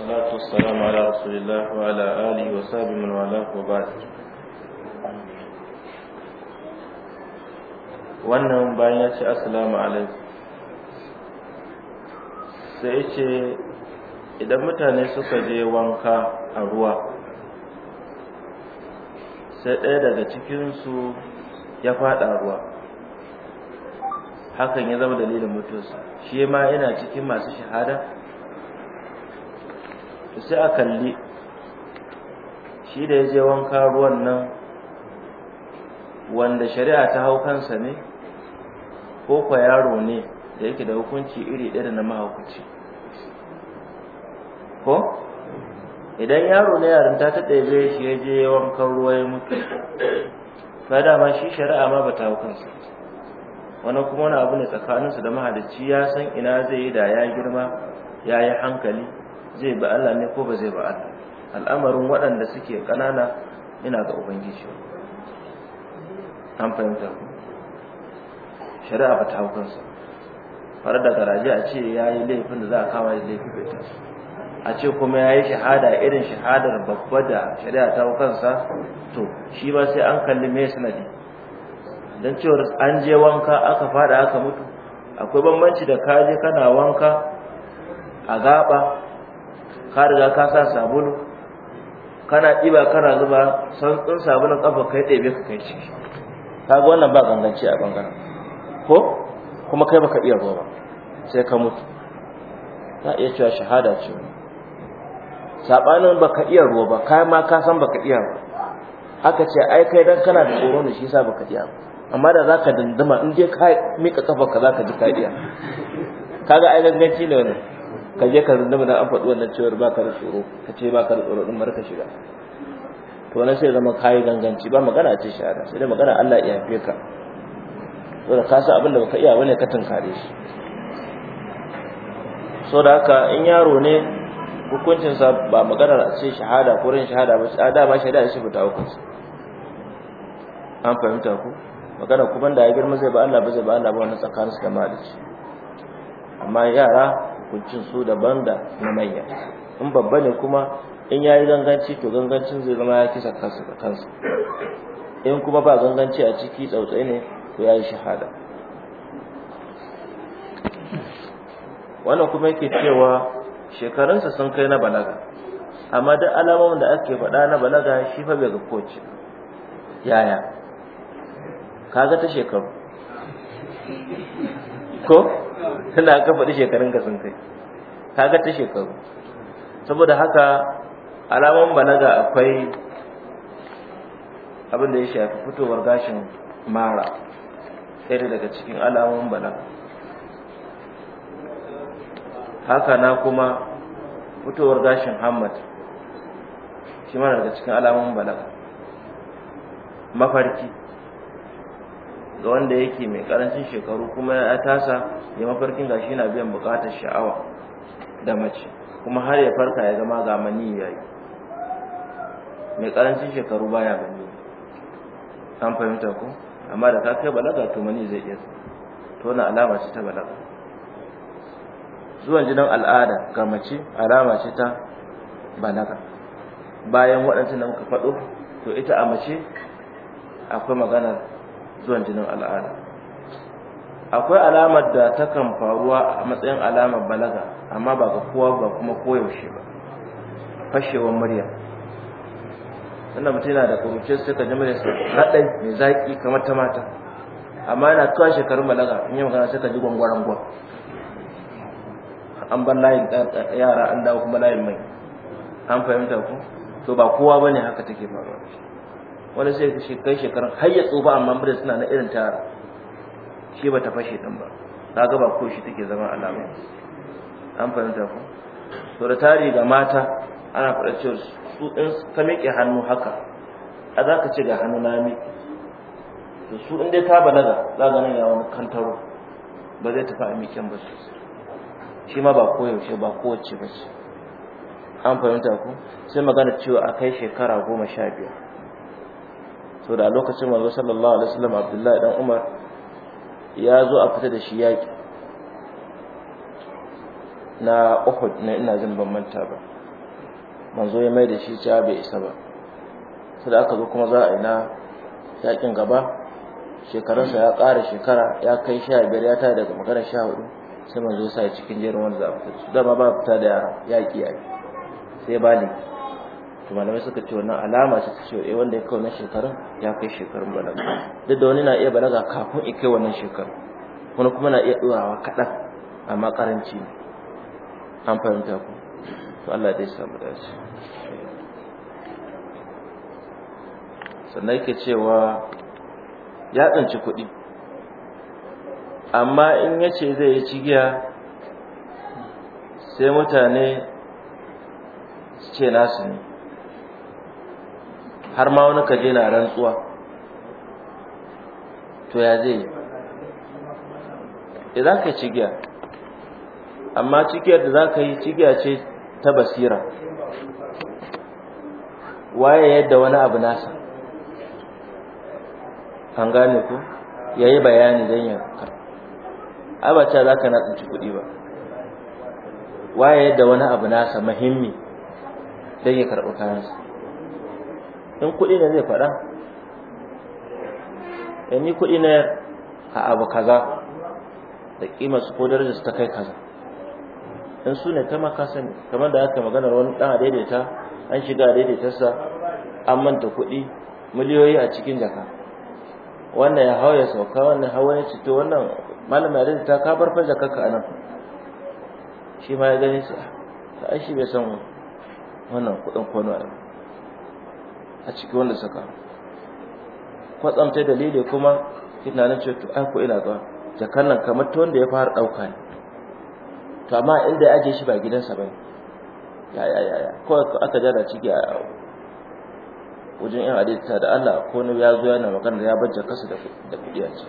والصلاة والسلام على رسول الله وعلى آله وصحبه من والاه وبعد wannan bayan ya ce assalamu alaikum sai ce idan mutane suka je wanka a ruwa sai ɗaya daga cikinsu ya faɗa ruwa hakan ya zama dalilin mutuwarsa shi ma yana cikin masu shahada to sai a kalli shi da ya je wanka ruwan nan wanda shari'a ta hau kansa ne ko kwa yaro ne da yake da hukunci iri ɗaya da na mahaukaci ko idan yaro na yarinta ta ɗebe shi ya je wanka ruwa ya mutu ba dama shi shari'a ma ba ta hau kansa wani kuma wani abu ne tsakaninsu da mahalicci ya san ina zai yi da ya girma ya yi hankali zai ba Allah ne ko ba zai ba Allah al'amarin waɗanda suke ƙanana ina ga ubangiji an fahimta ku shari'a ba ta hau kansa fara da garaje a ce ya yi laifin da za a kama da laifin bai a ce kuma ya yi shahada irin shahadar babba da shari'a ta hau to shi ba sai an kalli me sanadi don cewar an je wanka aka fada aka mutu akwai bambanci da kaje kana wanka a gaba ka riga ka sa sabulu kana ɗiba kana zuba tsin sabulun ƙafa kai ɗebe ka kai ciki ka ga wannan ba ganganci a ɓangaren ko kuma kai baka iya zuwa ba sai ka mutu ka iya cewa shahada ce saɓanin baka iya ruwa ba kai ma ka san baka iya ba aka ce ai kai dan kana da tsoro ne shi yasa baka iya ba. amma da zaka dindima in je ka mika kafa ka zaka ji ka iya kaga ai ganganci ne wannan ka je ka runduma da an faɗi wannan cewar ka da tsoro ka ce baka da tsoro din mar ka shiga to wannan sai zama kai ganganci ba magana ce shahada sai da magana Allah ya yafe ka to da ka san abin da baka iya bane ka tunkare shi so da haka in yaro ne hukuncin sa ba maganar a ce shahada ko rin shahada ba shahada ba shahada shi fita hukunci an fahimta ku magana kuma da ya girma zai ba Allah ba zai ba Allah ba wannan tsakanin su da malici amma yara hukuncin su daban da na manya in babba ne kuma in yayi ganganci to gangancin zai zama ya kisa kansa da kansa in kuma ba ganganci a ciki tsautsai ne to yayi shahada wannan kuma yake cewa shekarunsa sun kai na balaga amma duk alamomin da ake faɗa na balaga shi fa bai ga koci yaya kaga ta shekaru ko tunda ka faɗi shekarun ka sun kai ga ta shekaru saboda haka alaman balaga akwai abin da ya shafi fitowar gashin mara ɗaya daga cikin alaman balaga haka na kuma fitowar gashin hamad shi mara daga cikin alaman balaga mafarki ga wanda yake mai karancin shekaru kuma ya tasa ya mafarkin gashi na biyan bukatar sha'awa da mace kuma har ya farka ya zama ga mani yi, mai karancin shekaru baya ni an fahimta ku. amma da ka kai balaga to mani zai iya to na alama ce ta balaga zuwan jinin al'ada ga mace alama ce ta balaga bayan waɗancan da muka faɗo to ita a mace akwai maganar zuwan jinin al'ada akwai alamar da takan faruwa a matsayin alamar balaga amma ba ga kowa ba kuma koyaushe ba fashewar murya wanda mutum yana da kuruce sai ka ji muryarsa haɗai mai zaƙi kamar ta mata amma yana kawai shekarun balaga in yi magana sai ka ji gwangwaran gwa an bar layin eh, eh, yara an dawo kuma layin mai an fahimta ku to ba kowa ba ne haka take faruwa wani sai ka kai shekarun har ya tsufa amma birnin suna na irin tara shi ba ta fashe din ba ta ga ba ko shi take zama alama an fahimta ku to da tari ga mata ana faɗa cewa su in ka miƙe hannu haka a za ka ce ga hannu na miƙe to su in dai ta balaga za ga nan ya wani kantaro ba zai tafi a miƙen ba su shi ma ba koyaushe ba kowace ba ce an fahimta ku sai magana cewa a kai shekara goma sha biyar so da lokacin manzo sallallahu alaihi wasallam abdullahi dan umar ya zo a fita da shi yaki na uhud ne ina jin ban manta ba manzo ya mai da shi ta bai isa ba sai aka zo kuma za a yi na yakin gaba shekarunsa ya ƙara shekara ya kai sha biyar ya tare daga maganar sha hudu sai manzo sa cikin jerin wanda za a fita da ma ba fita da yaki yaƙi sai bali to malamai suka ce wannan alama ce ta cewa eh wanda ya kai wannan shekarun ya kai shekarun balaga duk da wani na iya balaga kafin ya kai wannan shekarun wani kuma na iya ɗorawa kaɗan amma ƙaranci ne an fahimta ku to Allah dai samu dace sannan yake cewa ya tsinci kuɗi amma in ya ce zai yi cigiya sai mutane su ce nasu ne har ma wani kaje na rantsuwa to ya zai yi da eh, za ka yi cigiya amma cigiyar da za ka yi cigiya ce ta basira waye yadda wani abu nasa an gane ku ya yi bayani don yanka abacha za ka tsinci kuɗi ba waye yadda wani abu nasa muhimmi don ya karɓi kayansa in kuɗi ne zai faɗa in eh, ni kuɗi ne a abu kaza da ƙima su ko darajar su ta kai kaza in su ne ta maka sani kamar da aka maganar wani ɗan daidaita an shiga daidaitarsa an manta kuɗi miliyoyi a cikin jaka wannan ya hau ya sauka wannan hawa ya cito wannan malam ya daidaita ka bar fa a anan shi ma ya gani sa ah, a shi bai san wannan kuɗin kwano a a ciki wanda suka kwatsamta dalili kuma ina nan ce to ai ko ina zuwa jakan nan kamar ta wanda ya fara ɗauka ne to amma inda ya aje shi ba gidansa ba ne ya ya ya kawai aka ja da ciki a wajen yan adita da Allah ko ne ya zo yana magana ya bar jakarsa da kuɗi a ce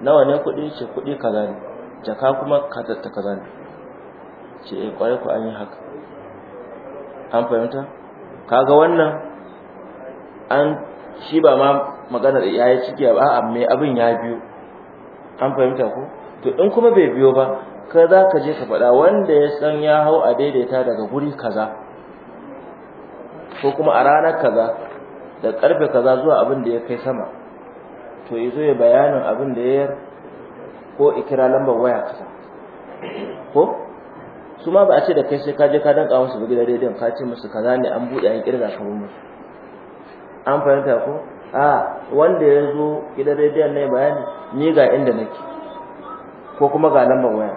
nawa ne kuɗi ce kuɗi kaza ne jaka kuma kazatta kaza ne ce eh kwarai ko an yi haka an fahimta kaga wannan an shi ba ma maganar yayi ciki ba a'a me abin ya biyo an fahimta ko to in kuma bai biyo ba ka za ka je ka faɗa wanda ya san ya hau a daidaita daga guri kaza ko kuma a ranar kaza da karfe kaza zuwa abin da ya kai sama to yazo ya bayanin abin da ya yar ko ikira lambar waya kaza ko su ma ba a ce da kai sai ka je ka danka musu bugi da rediyon ka ce musu kaza ne an buɗe an kirga ka mun musu an fahimta ko a wanda ya zo gidan rediyon ne bayani ni ga inda nake ko kuma ga lambar waya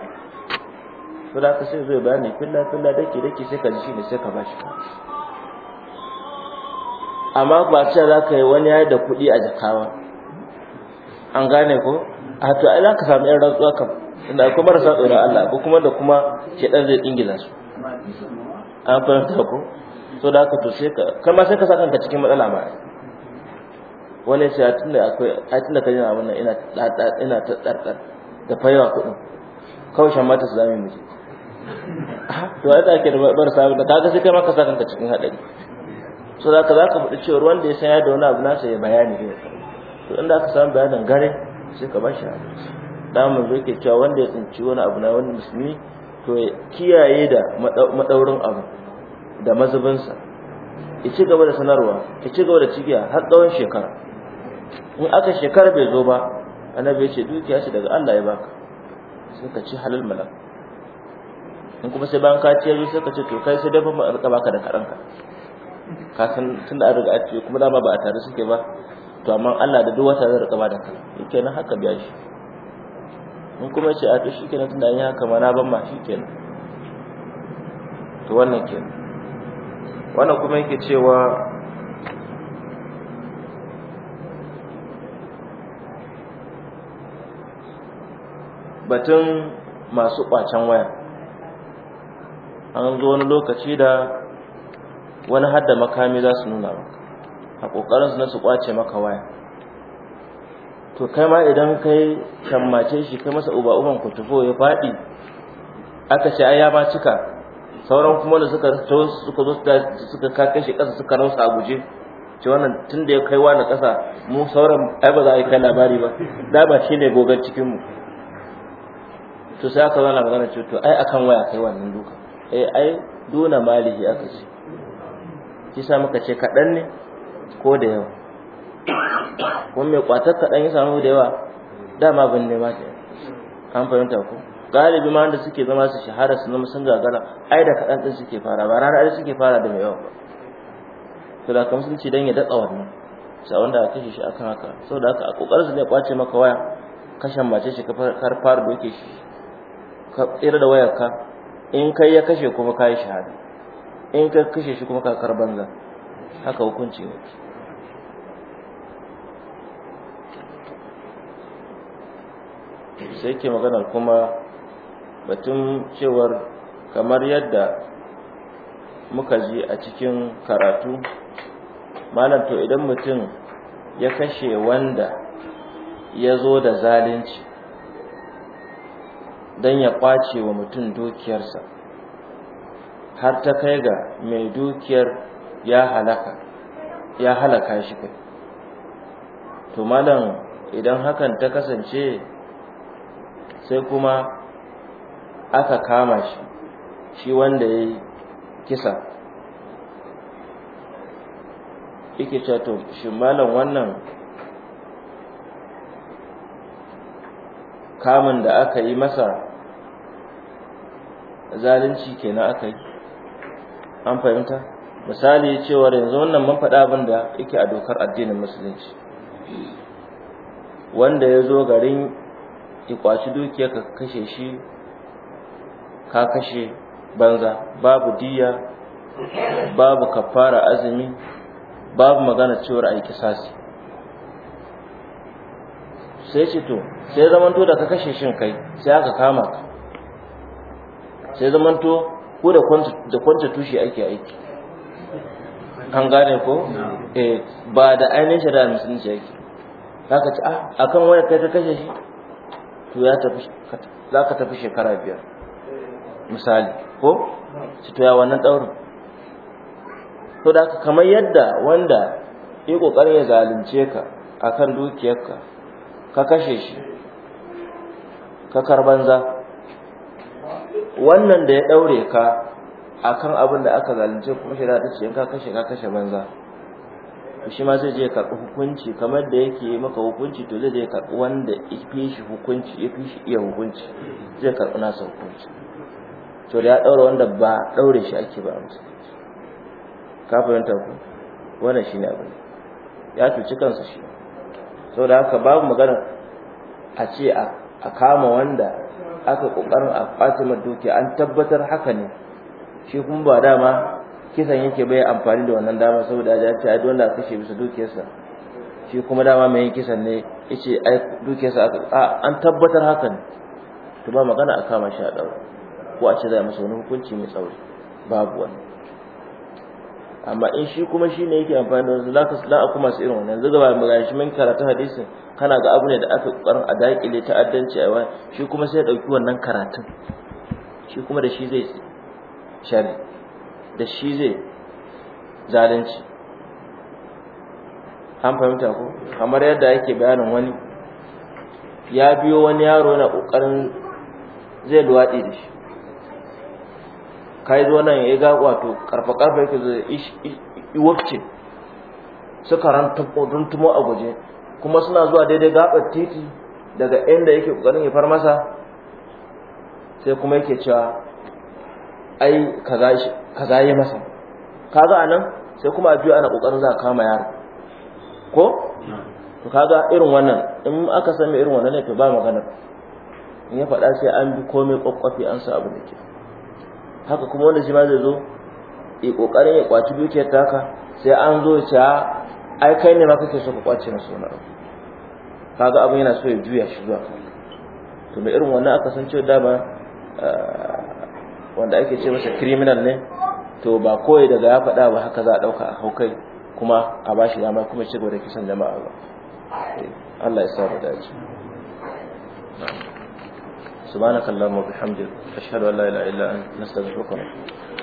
to da ka sai zo bayani filla filla dake dake sai ka ji shi ne sai ka bashi amma ba ce za ka yi wani ya da kuɗi a jakawa an gane ko a to ai za ka samu yan rantsuwa kam inda akwai marasa tsoron Allah ko kuma da kuma shedan zai dingila su an fahimta ko so da haka to sai ka kai ma sai ka sa kanka cikin matsala ma wani ya ce a tunda akwai a tunda ka na wannan ina ina ta tsartsar da fayawa kuɗin kawai mata su zame mu to ai take da bar sabu da kaga sai kai ma ka sa kanka cikin hadari so da ka za ka faɗi cewa wanda ya san ya da wani abu nasa ya bayani ne to inda aka samu bayanin gare sai ka ba shi hadari da zai zo ke cewa wanda ya tsinci wani abu na wani musulmi to ya kiyaye da madaurin abu da mazubinsa ya ci gaba da sanarwa ya ci gaba da cikiya, har tsawon shekara in aka shekara bai zo ba annabi ya ce dukiya shi daga Allah ya baka sai ka ci halal malak in kuma sai bayan ka ciyar sai ka ce to kai sai dai ba mu baka da karanka ka san tunda an riga a ce kuma dama ba a tare suke ba to amma Allah da duk wata zai riƙa ba da kai yake nan haka biya shi in kuma ce a to shi kenan tunda an yi haka mana ban ma shi kenan to wannan kenan wannan kuma yake cewa batun masu kwacen waya an zo wani lokaci da wani hadda makami za su nuna ba, a ƙoƙarinsu na su kwace maka waya to kai ma idan kai shammace shi kai masa uba uban tufo ya faɗi aka ce ai ya ma cika sauran kuma da suka to suka zo suka kake shi ƙasa suka rausa a guje ce wannan tun da ya kai wani ƙasa mu sauran ai ba za a yi kai labari ba da ba shi ne cikin cikinmu to sai aka zana magana ce to ai akan waya kai wannan duka eh ai duna malihi aka ce Kisa muka ce kaɗan ne ko da yawa kuma mai kwatar kaɗan ya samu da yawa dama ban nema ta an fahimta ko galibi ma wanda suke zama su shahara su zama sun gagara ai da kaɗan ɗin suke fara ba rana ai suke fara da mai yawa ba to da kamar sun ce don ya daɗa wannan sa wanda aka kashe shi akan haka saboda haka a ƙoƙar su ne kwace maka waya kashen mace shi ka fara doke shi ka tsira da wayar ka in kai ya kashe kuma ka yi shahada in ka kashe shi kuma ka karɓar karban haka hukunci ne sai ke maganar kuma batun cewar kamar yadda muka ji a cikin karatu malam to idan mutum ya kashe wanda ya zo da zalunci don ya kwace wa mutum dukiyarsa har ta kai ga mai dukiyar ya halaka shi kai to malam idan hakan ta kasance sai kuma aka kama shi shi wanda ya yi kisa yake cato shi malam wannan kamun da aka yi masa zalunci kenan aka yi an fahimta misali cewa yanzu wannan mun faɗa abin da yake a dokar addinin musulunci wanda ya zo garin ya kwaci dukiyar ka kashe shi ka kashe banza babu diya babu kafara azumi babu magana cewar aiki yi kisasi sai ce to sai zamanto da ka kashe shin kai sai aka kama ka sai zamanto ko da kwanta tushe ake aiki an gane ko eh, ba da ainihin shari'a musulunci yake haka ce ah, a kan waya kai ka kashe shi to ya tafi za ka tafi shekara biyar misali ko su to ya wannan ɗaurin to da kamar yadda wanda ya ƙoƙarin ya zalunce ka a kan dukiyarka ka kashe shi ka karbanza wannan da ya ɗaure ka a kan abin da aka zalunce kuma shi da ta ce ka kashe ka kashe banza shi ma zai je ya karɓi hukunci kamar da yake maka hukunci to zai je karɓi wanda ya shi hukunci ya fi shi iya hukunci zai karɓi nasa hukunci to da ya ɗaura wanda ba ɗaure shi ake ba amsa ka fahimta ku wannan shi ne ne ya cuci kansa shi Sau da haka babu magana a ce a kama wanda aka ƙoƙarin a ƙwace dukiya an tabbatar haka ne shi kuma ba dama kisan yake bai amfani da wannan dama saboda ya ce ai dole a kashe bisa dukiyarsa shi kuma dama mai yin kisan ne ya ce ai dukiyarsa aka an tabbatar hakan to ba magana a kama shi a dawo ko a ce za a masa wani hukunci mai tsauri babu wani amma in shi kuma shi ne yake amfani da wasu lakas la kuma su irin wannan yanzu gaba magana shi mun karatu hadisin kana ga abu ne da aka karin a dakile ta'addanci a yawa shi kuma sai ya ɗauki wannan karatun shi kuma da shi zai shari da shi zai zalunci an fahimta ko kamar yadda yake bayanin wani ya biyo wani yaro na kokarin zai luwaɗi da shi kai zo nan ya ga wato karfa karfa yake zo yi wacce suka tumo a guje kuma suna zuwa daidai gaɓar titi daga inda yake kokarin ya far masa sai kuma yake cewa ai kaza yi masa kaga anan sai kuma a biyu ana kokarin za a kama yaro ko to kaga irin wannan in aka sami irin wannan ne to ba magana in ya faɗa sai an bi komai kwakwafi an sa abu da ke haka kuma wanda shi ma zai zo ya kokarin ya kwaci dukiyar taka sai an zo ya ce ai kai ne ma kake so ka kwace na sona kaga abin yana so ya juya shi zuwa to da irin wannan aka san cewa dama eh, wanda ake ce masa criminal ne to ba koyi daga ya faɗa ba haka za a ɗauka a haukai kuma a ba shi dama kuma ci gaba da kisan jama'a ba eh, Allah ya saba dace subhanakallahumma wa bihamdika ashhadu an la ilaha illa anta nastaghfiruka